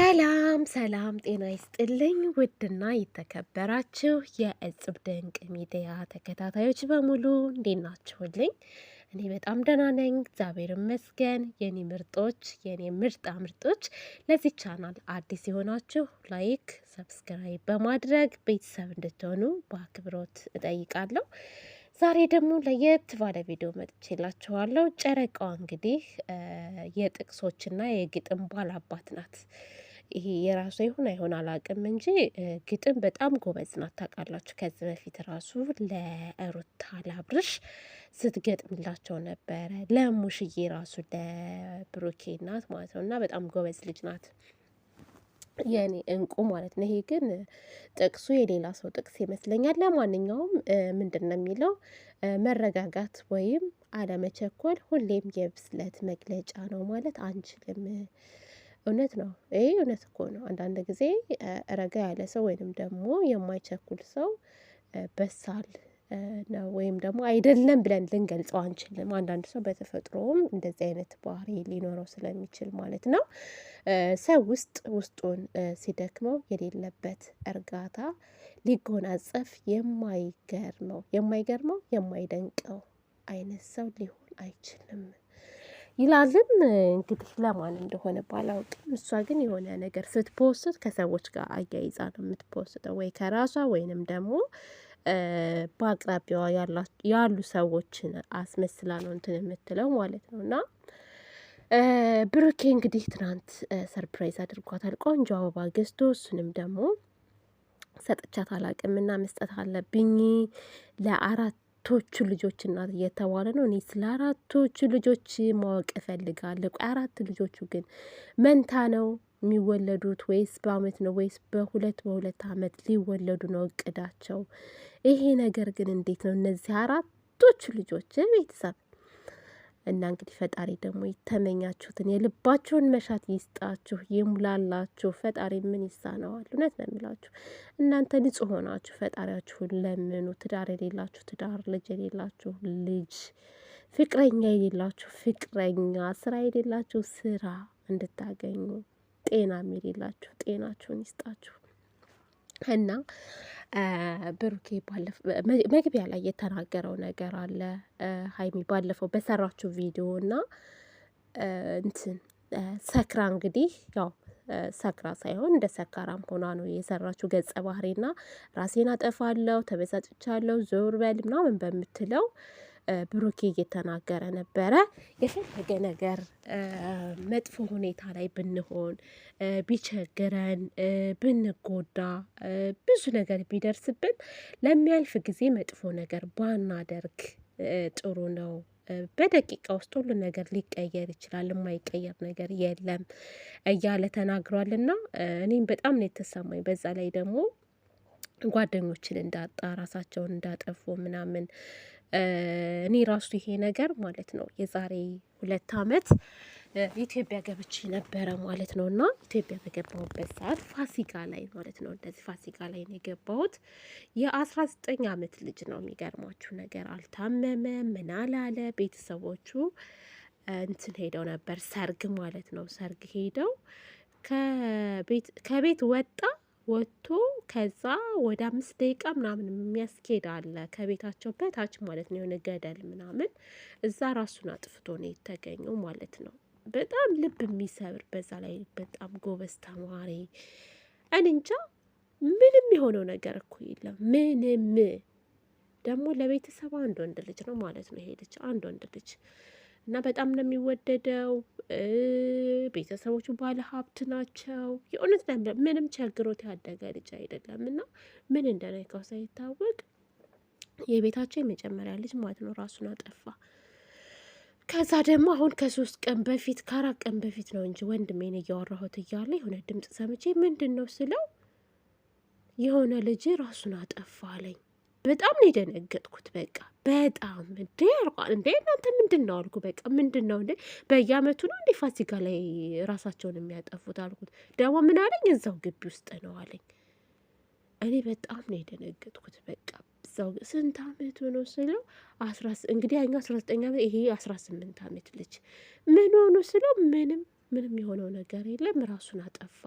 ሰላም ሰላም፣ ጤና ይስጥልኝ ውድና የተከበራችሁ የእጽብ ድንቅ ሚዲያ ተከታታዮች በሙሉ እንዴት ናችሁልኝ? እኔ በጣም ደህና ነኝ፣ እግዚአብሔር ይመስገን። የኔ ምርጦች፣ የኔ ምርጣ ምርጦች፣ ለዚህ ቻናል አዲስ የሆናችሁ ላይክ፣ ሰብስክራይብ በማድረግ ቤተሰብ እንድትሆኑ በአክብሮት እጠይቃለሁ። ዛሬ ደግሞ ለየት ባለ ቪዲዮ መጥቼላችኋለሁ። ጨረቃዋ እንግዲህ የጥቅሶችና የግጥም ባላባት ናት። ይሄ የራሷ ይሁን አይሆን አላውቅም እንጂ ግጥም በጣም ጎበዝ ናት። ታውቃላችሁ ከዚህ በፊት ራሱ ለሩታ ላብርሽ ስትገጥምላቸው ነበረ። ለሙሽዬ ራሱ ለብሩኬ ናት ማለት ነው እና በጣም ጎበዝ ልጅ ናት። የኔ እንቁ ማለት ነው። ይሄ ግን ጥቅሱ የሌላ ሰው ጥቅስ ይመስለኛል። ለማንኛውም ምንድን ነው የሚለው መረጋጋት ወይም አለመቸኮል ሁሌም የብስለት መግለጫ ነው ማለት አንችልም። እውነት ነው። ይህ እውነት እኮ ነው። አንዳንድ ጊዜ ረጋ ያለ ሰው ወይንም ደግሞ የማይቸኩል ሰው በሳል ነው ወይም ደግሞ አይደለም ብለን ልንገልጸው አንችልም። አንዳንድ ሰው በተፈጥሮም እንደዚህ አይነት ባህሪ ሊኖረው ስለሚችል ማለት ነው። ሰው ውስጥ ውስጡን ሲደክመው የሌለበት እርጋታ ሊጎናጸፍ የማይገርመው የማይገርመው የማይደንቀው አይነት ሰው ሊሆን አይችልም። ይላልም እንግዲህ ለማን እንደሆነ ባላውቅም እሷ ግን የሆነ ነገር ስትፖስት ከሰዎች ጋር አያይዛ ነው የምትፖስተው፣ ወይ ከራሷ ወይንም ደግሞ በአቅራቢያዋ ያሉ ሰዎችን አስመስላ ነው እንትን የምትለው ማለት ነው። እና ብሩኬ እንግዲህ ትናንት ሰርፕራይዝ አድርጓታል። ቆንጆ አበባ ገዝቶ እሱንም ደግሞ ሰጥቻት አላቅም እና መስጠት አለብኝ ለአራት አራቶቹ ልጆች እናት እየተባለ ነው። እኔ ስለ አራቶቹ ልጆች ማወቅ እፈልጋለሁ። አራት ልጆቹ ግን መንታ ነው የሚወለዱት ወይስ በአመት ነው ወይስ በሁለት በሁለት አመት ሊወለዱ ነው እቅዳቸው? ይሄ ነገር ግን እንዴት ነው እነዚህ አራቶቹ ልጆች ቤተሰብ እና እንግዲህ ፈጣሪ ደግሞ የተመኛችሁትን የልባችሁን መሻት ይስጣችሁ፣ ይሙላላችሁ። ፈጣሪ ምን ይሳነዋል? እውነት ነው የሚላችሁ እናንተ ንጹሕ ሆናችሁ ፈጣሪያችሁን ለምኑ። ትዳር የሌላችሁ ትዳር፣ ልጅ የሌላችሁ ልጅ፣ ፍቅረኛ የሌላችሁ ፍቅረኛ፣ ስራ የሌላችሁ ስራ እንድታገኙ፣ ጤናም የሌላችሁ ጤናችሁን ይስጣችሁ። እና ብሩኬ መግቢያ ላይ የተናገረው ነገር አለ። ሀይሚ ባለፈው በሰራችው ቪዲዮ እና እንትን ሰክራ እንግዲህ ያው ሰክራ ሳይሆን እንደ ሰካራም ሆና ነው የሰራችው ገጸ ባህሪና ራሴን አጠፋለሁ፣ ተበሳጭቻለሁ፣ ዞር በል ምናምን በምትለው ብሩኬ እየተናገረ ነበረ። የፈለገ ነገር መጥፎ ሁኔታ ላይ ብንሆን፣ ቢቸግረን፣ ብንጎዳ፣ ብዙ ነገር ቢደርስብን ለሚያልፍ ጊዜ መጥፎ ነገር ባናደርግ ጥሩ ነው። በደቂቃ ውስጥ ሁሉ ነገር ሊቀየር ይችላል፣ የማይቀየር ነገር የለም እያለ ተናግሯል። እና እኔም በጣም ነው የተሰማኝ። በዛ ላይ ደግሞ ጓደኞችን እንዳጣ ራሳቸውን እንዳጠፉ ምናምን እኔ ራሱ ይሄ ነገር ማለት ነው የዛሬ ሁለት ዓመት ኢትዮጵያ ገብቼ ነበረ ማለት ነው። እና ኢትዮጵያ በገባሁበት ሰዓት ፋሲካ ላይ ማለት ነው እንደዚህ ፋሲካ ላይ ነው የገባሁት። የአስራ ዘጠኝ ዓመት ልጅ ነው የሚገርማችሁ ነገር አልታመመ፣ ምን አላለ። ቤተሰቦቹ እንትን ሄደው ነበር ሰርግ ማለት ነው ሰርግ ሄደው ከቤት ወጣ ወጥቶ ከዛ ወደ አምስት ደቂቃ ምናምን የሚያስኬድ አለ ከቤታቸው በታች ማለት ነው። የሆነ ገደል ምናምን እዛ ራሱን አጥፍቶ ነው የተገኘው ማለት ነው። በጣም ልብ የሚሰብር በዛ ላይ በጣም ጎበዝ ተማሪ እኔ እንጃ ምንም የሆነው ነገር እኮ የለም። ምንም ደግሞ ለቤተሰብ አንድ ወንድ ልጅ ነው ማለት ነው። ይሄ ልጅ አንድ ወንድ ልጅ እና በጣም ነው የሚወደደው። ቤተሰቦቹ ባለ ሀብት ናቸው። የእውነት ምንም ቸግሮት ያደገ ልጅ አይደለም። እና ምን እንደነካው ሳይታወቅ የቤታቸው የመጀመሪያ ልጅ ማለት ነው ራሱን አጠፋ። ከዛ ደግሞ አሁን ከሶስት ቀን በፊት ከአራት ቀን በፊት ነው እንጂ ወንድሜን እያወራሁት እያለ የሆነ ድምፅ ሰምቼ ምንድን ነው ስለው የሆነ ልጅ ራሱን አጠፋ አለኝ። በጣም ነው የደነገጥኩት። በቃ በጣም እንዴ ያርቋል እንዴ እናንተ ምንድን ነው አልኩ። በቃ ምንድን ነው እንዴ በየአመቱ ነው እንዴ ፋሲካ ላይ ራሳቸውን የሚያጠፉት አልኩት። ደግሞ ምን አለኝ እዛው ግቢ ውስጥ ነው አለኝ። እኔ በጣም ነው የደነገጥኩት። በቃ እዛው ስንት አመቱ ነው ስለው አስራ እንግዲህ ያኛው አስራ ዘጠኝ አመት ይሄ አስራ ስምንት አመት ልጅ ምን ሆኖ ስለው ምንም ምንም የሆነው ነገር የለም ራሱን አጠፋ።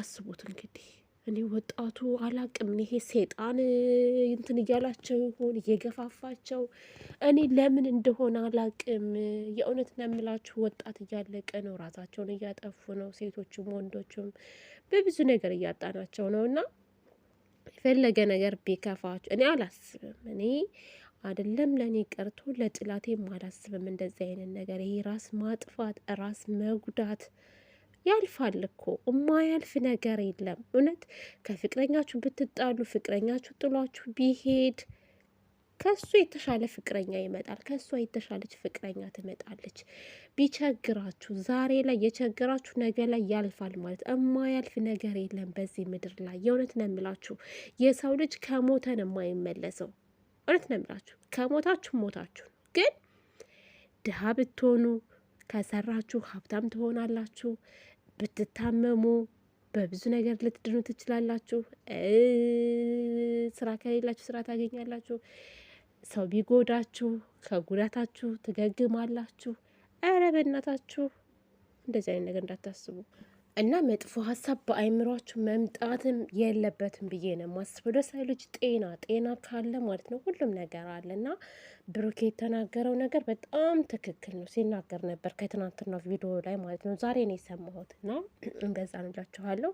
አስቡት እንግዲህ እኔ ወጣቱ አላቅም። ይሄ ሴጣን እንትን እያላቸው ይሆን እየገፋፋቸው፣ እኔ ለምን እንደሆነ አላቅም። የእውነት ነምላችሁ ወጣት እያለቀ ነው፣ ራሳቸውን እያጠፉ ነው። ሴቶችም ወንዶችም በብዙ ነገር እያጣናቸው ነው። እና የፈለገ ነገር ቢከፋቸው እኔ አላስብም። እኔ አይደለም ለእኔ ቀርቶ ለጥላቴም አላስብም እንደዚህ አይነት ነገር። ይሄ ራስ ማጥፋት ራስ መጉዳት ያልፋል እኮ እማያልፍ ነገር የለም። እውነት ከፍቅረኛችሁ ብትጣሉ ፍቅረኛችሁ ጥሏችሁ ቢሄድ ከሱ የተሻለ ፍቅረኛ ይመጣል። ከእሷ የተሻለች ፍቅረኛ ትመጣለች። ቢቸግራችሁ ዛሬ ላይ የቸግራችሁ ነገ ላይ ያልፋል ማለት እማያልፍ ነገር የለም በዚህ ምድር ላይ። የእውነት ነው የምላችሁ የሰው ልጅ ከሞተን የማይመለሰው እውነት ነው የምላችሁ። ከሞታችሁ ሞታችሁ፣ ግን ድሀ ብትሆኑ ከሰራችሁ ሀብታም ትሆናላችሁ። ብትታመሙ በብዙ ነገር ልትድኑ ትችላላችሁ። ስራ ከሌላችሁ ስራ ታገኛላችሁ። ሰው ቢጎዳችሁ ከጉዳታችሁ ትገግማላችሁ። ኧረ በእናታችሁ እንደዚህ አይነት ነገር እንዳታስቡ። እና መጥፎ ሀሳብ በአይምሯችሁ መምጣትም የለበትም ብዬ ነው የማስበው። ደስ ልጅ ጤና ጤና ካለ ማለት ነው ሁሉም ነገር አለ እና ብሩክ የተናገረው ነገር በጣም ትክክል ነው። ሲናገር ነበር ከትናንትና ቪዲዮ ላይ ማለት ነው። ዛሬ ነው የሰማሁት እና እንገዛ ንላችኋለሁ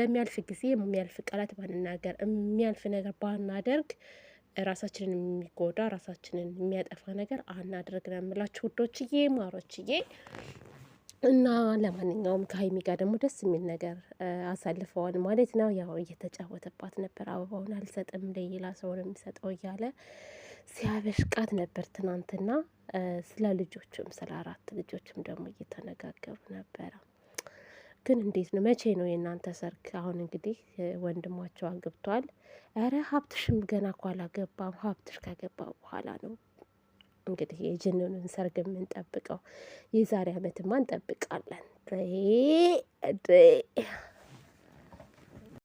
ለሚያልፍ ጊዜ የሚያልፍ ቃላት ባንናገር፣ የሚያልፍ ነገር ባናደርግ ራሳችንን የሚጎዳ ራሳችንን የሚያጠፋ ነገር አናድርግ ነው የምላችሁ ውዶችዬ፣ ማሮችዬ እና ለማንኛውም ከሀይሚ ጋር ደግሞ ደስ የሚል ነገር አሳልፈዋል ማለት ነው። ያው እየተጫወተባት ነበር። አበባውን አልሰጥም ለሌላ ሰው ነው የሚሰጠው እያለ ሲያበሽቃት ነበር ትናንትና። ስለ ልጆችም ስለ አራት ልጆችም ደግሞ እየተነጋገሩ ነበረ። ግን እንዴት ነው መቼ ነው የእናንተ ሰርግ? አሁን እንግዲህ ወንድማቸው አግብቷል። ኧረ ሀብትሽም ገና እኮ አላገባም። ሀብትሽ ከገባ በኋላ ነው እንግዲህ የጅንኑን ሰርግ የምንጠብቀው የዛሬ አመትማ እንጠብቃለን።